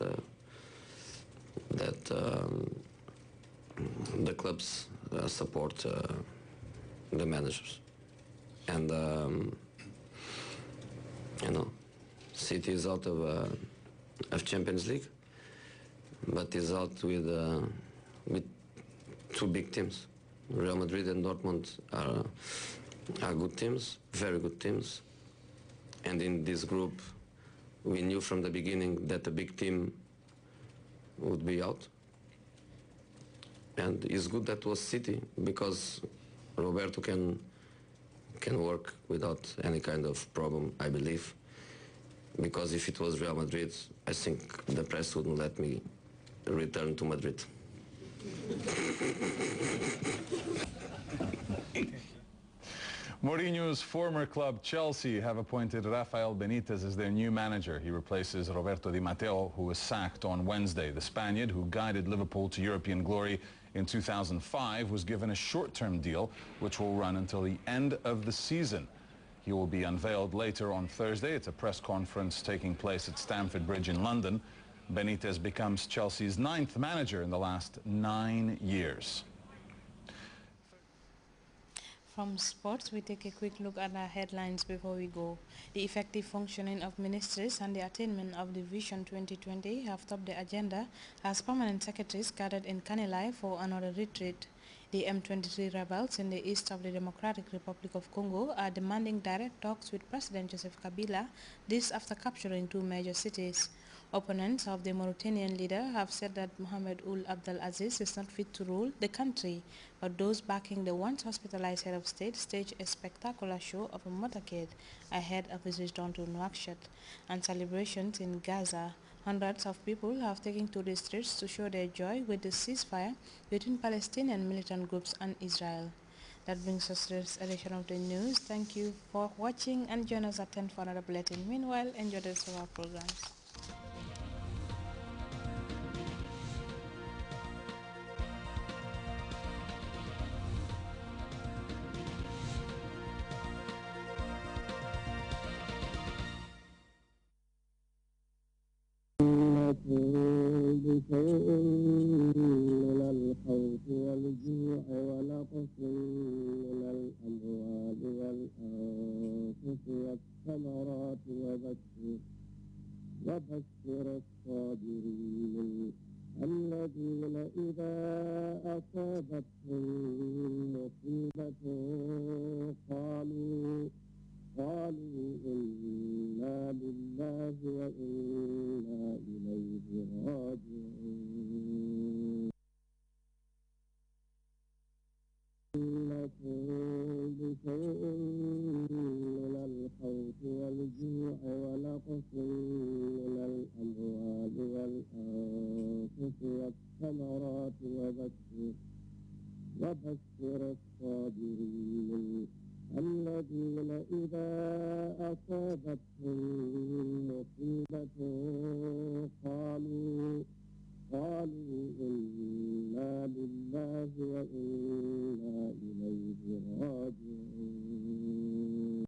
uh, that um, the clubs uh, support uh, the managers and um, you know City is out of uh, of Champions League but is out with uh, with two big teams Real Madrid and Dortmund are are good teams very good teams and in this group we knew from the beginning that a big team would be out. And it's good that was City because Roberto can can work without any kind of problem, I believe. Because if it was Real Madrid, I think the press wouldn't let me return to Madrid. Mourinho's former club Chelsea have appointed Rafael Benitez as their new manager. He replaces Roberto Di Matteo, who was sacked on Wednesday. The Spaniard, who guided Liverpool to European glory in 2005, was given a short-term deal, which will run until the end of the season. He will be unveiled later on Thursday at a press conference taking place at Stamford Bridge in London. Benitez becomes Chelsea's ninth manager in the last nine years. From sports, we take a quick look at our headlines before we go. The effective functioning of ministries and the attainment of the Vision 2020 have topped the agenda as permanent secretaries gathered in Kanilai for another retreat. The M23 rebels in the east of the Democratic Republic of Congo are demanding direct talks with President Joseph Kabila, this after capturing two major cities. Opponents of the Mauritanian leader have said that Mohamed Ul Abdelaziz is not fit to rule the country, but those backing the once hospitalized head of state staged a spectacular show of a motorcade ahead of his return to Nouakchott and celebrations in Gaza. Hundreds of people have taken to the streets to show their joy with the ceasefire between Palestinian militant groups and Israel. That brings us to this edition of the news. Thank you for watching and join us at 10 for another bulletin. Meanwhile, enjoy the rest of our programs. يأتيهم بشيء من الخوف والجوع ونقص من الأموال والأنفس والثمرات وبشر وبشر الصابرين الذين إذا أصابتهم مصيبة قالوا قالوا إنا لله وإنا إليه راجعون مصيبة قالوا قالوا إنا لله وإنا إليه راجعون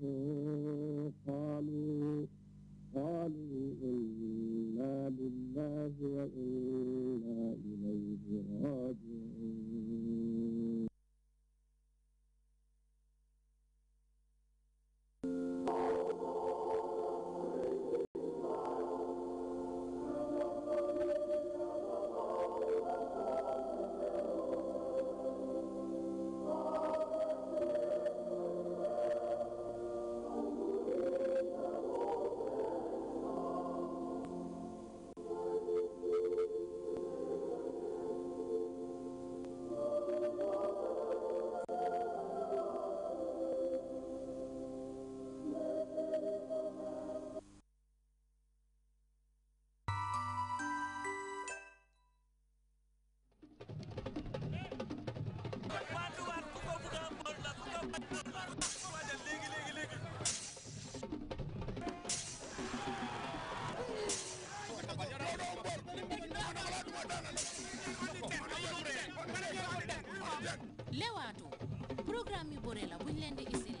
mm-hmm. lewaatu programme yu bëre la buñ leen di isi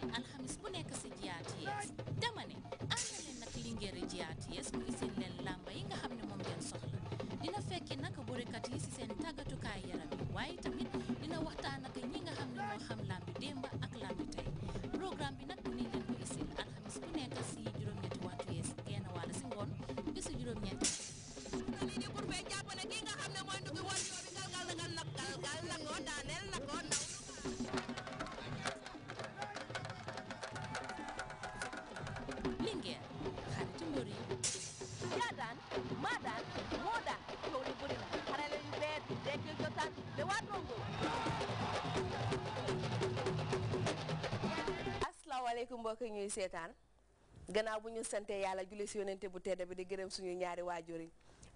asalaamaaleykum mbokk ñuy seetaan gannaaw bu ñu sante yàlla julli si yoonante bu tedd bi di gërëm suñu ñaari waajur yi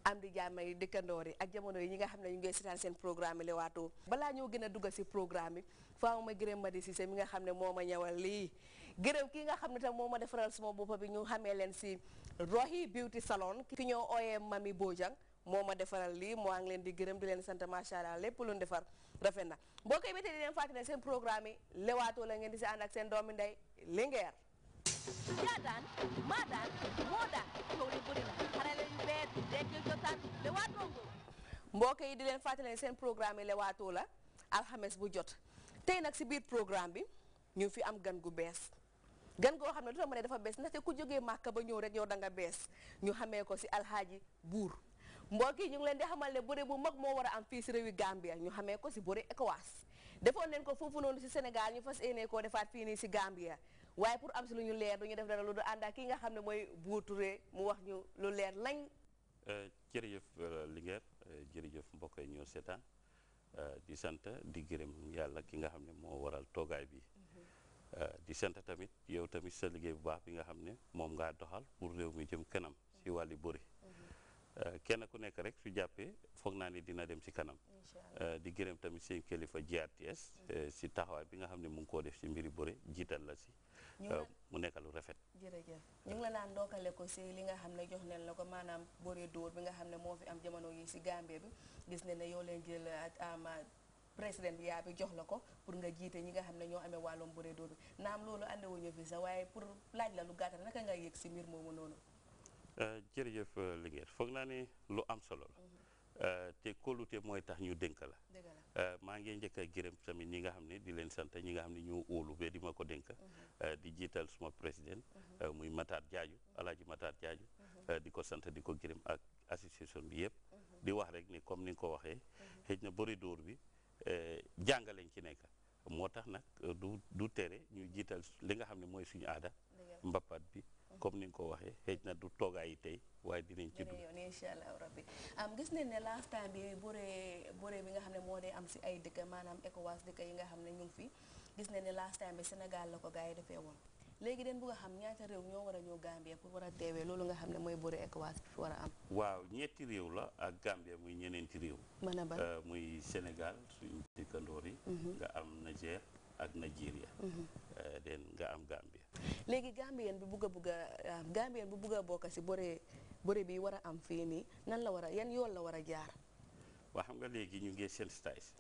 am di jàmm yi dëkkandoor yi ak jamono yi ñi nga xam ne ñu ngi seetaan seen programme yi Leewtoo balaa ñoo gën a dugg si programme bi faaw ma gërëm Madi Cissé mi nga xam ne moo ma ñëwal lii gërëm kii nga xam ne tam moo ma defaral suma boppa bi ñu xamee leen si Rohi Beauty Salon ki ñoo ooyee Mami Bojang moo ma defaral lii anglin ngi leen di gërëm di leen sant macha allah luñ defar rafet na mbokk yi ba tey di leen fàttali ne seen programme la ngeen di si ànd ak seen doomi ndey Linguère. yaa daan maa daan li bëri na yu bees dekkil jotaan di programme la bu jot biir programme bi ñu fi am gan gu bees. gan goo xam ne du ma ne dafa bees ku ba rek yow da nga ñu ko mbokk yi ñu ngi leen di xamal ne bëre bu mag moo war a am fii si réewi Gambia ñu xamee ko si bëre ECOWAS defoon nañ ko foofu noonu si Sénégal ñu fas yéene koo defaat fii nii si Gambia waaye pour am si lu ñu leer du ñu def dara lu du ànd ki nga xam ne mooy Buur Touré mu wax ñu lu leer lañ. Euh, jërëjëf euh, Linguère euh, jërëjëf mbokk yi ñoo seetaan di sant di gërëm yàlla ki nga xam ne moo waral toogaay bi mm-hmm. di sant tamit yow tamit sa liggéey bu baax bi nga xam ne moom ngaa doxal pour réew mi jëm kanam si wàllu bëri. Euh, kenn ku nekk rek su jàppee foog naa ne dina dem si kanam euh, di gërëm tamit seen kilifa GRTS mm. euh, si taxawaay bi nga xam ne mu ngi koo def si mbiri bëre jiital la si mu nekk lu rafet jërëjëf ñu ngi la naan ndookale ko si li nga xam ne jox neen la ko maanaam bëre bi nga xam ne moo fi am jamono yi si Gambie gis ne ne yow leen jël ama président bi yaa bi jox la ko pour nga jiite ñi nga xam ne ñoo amee wàllum bëre dóor bi naam loolu àndewuñu fi sax waaye pour laaj la lu gàttal naka nga yëg si mbir moomu noonu Euh, jërëjëf euh, liggéey foog naa ne lu am solo la euh, te kóolute mooy tax ñu dënk la maa ngee njëkk a gërëm tamit ñi nga xam ne di leen sant ñi nga xam ne ñu óolu ba di ma ko dénk mhm. di jiital suma président mhm. muy mataat Jaaju Alaaji mataat Jaaju mhm. di ko sant di ko gërëm ak association bi yëpp di wax rek ni comme ni nga ko waxee xëj na bëri dóor bi jàngaleñ ci nekk moo tax nag du du tere ñu jiital li nga xam ne mooy suñu aada mbappaat bi comme ni nga ko waxee xëj na du toogaay yi tey waaye dinañ ci dugg yoon incha allah rabbi bi boree xam ne moo dee am si ay dëkk maanaam ECOWAS dëkk yi nga xam ne ñu fi gis nañ ne last time bi Sénégal la ko gars yi defee woon léegi den bu nga xam ñaata réew ñoo war a ñëw Gambia pour war a teewee loolu nga xam ne mooy boree ECOWAS bi war a am waaw ñetti réew la ak Gambia muy ñeneenti réew mën a ba euh, muy Sénégal suñu dëkkandoor yi mhm. nga am Niger ak Nigeria den mhm. euh, nga am Gambia léegi gambien bi bugg a bugg a um, bu bugg a bokk si bore bore bi war a am fii nii nan la war a yan yoon la war a jaar. waa xam nga léegi ñu ngi sensitise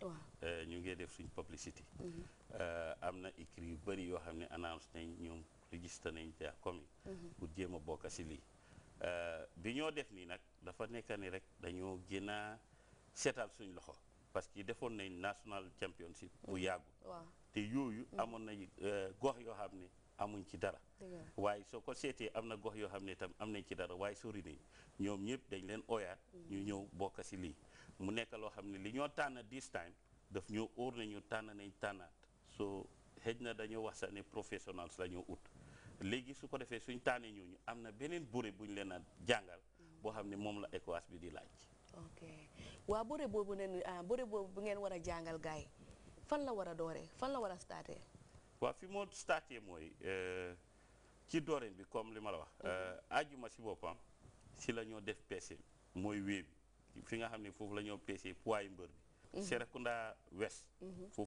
euh, ñu ngi def suñ publicité. Mhm. Euh, am na écrit yu bëri yoo xam ne annonce ñoom registré nañ te commune. Mhm. pour jéem a bokk si lii. Euh, bi ñoo def nii nag dafa nekk ni rek dañoo gën a seetal suñ loxo parce que defoon nañ national championship bu mhm. yàggu. te yooyu amoon na gox yoo xam ne. amuñ ci dara waaye soo ko seetee am na gox yoo xam ne itam am nañ ci dara waaye sori nañ ñoom ñëpp dañ leen oyaat mm. ñu ñëw bokk si lii mu nekk loo xam ne li ñoo tànn this time daf ñoo óor nañu tànn nañ tànnaat soo xëj na dañoo wax sa ne professionnels la ñoo ut léegi su ko defee suñ tànnee ñu am na beneen bëre buñ leen a jàngal mm. boo xam ne moom la ECOWAS bi di laaj ok waaw bëre boobu neen ah, bëre boobu bu ngeen war a jàngal gaay fan la war a dooree fan la war a staatee waaw fi moo starté mooy euh, ci dooreen bi comme li ma la wax ajuma mhm. euh, si boppam si lañoo def PC mooy wéebi fi nga xam ne foofu la ñoo PC poids mbër bi mhm. Serekunda West mhm.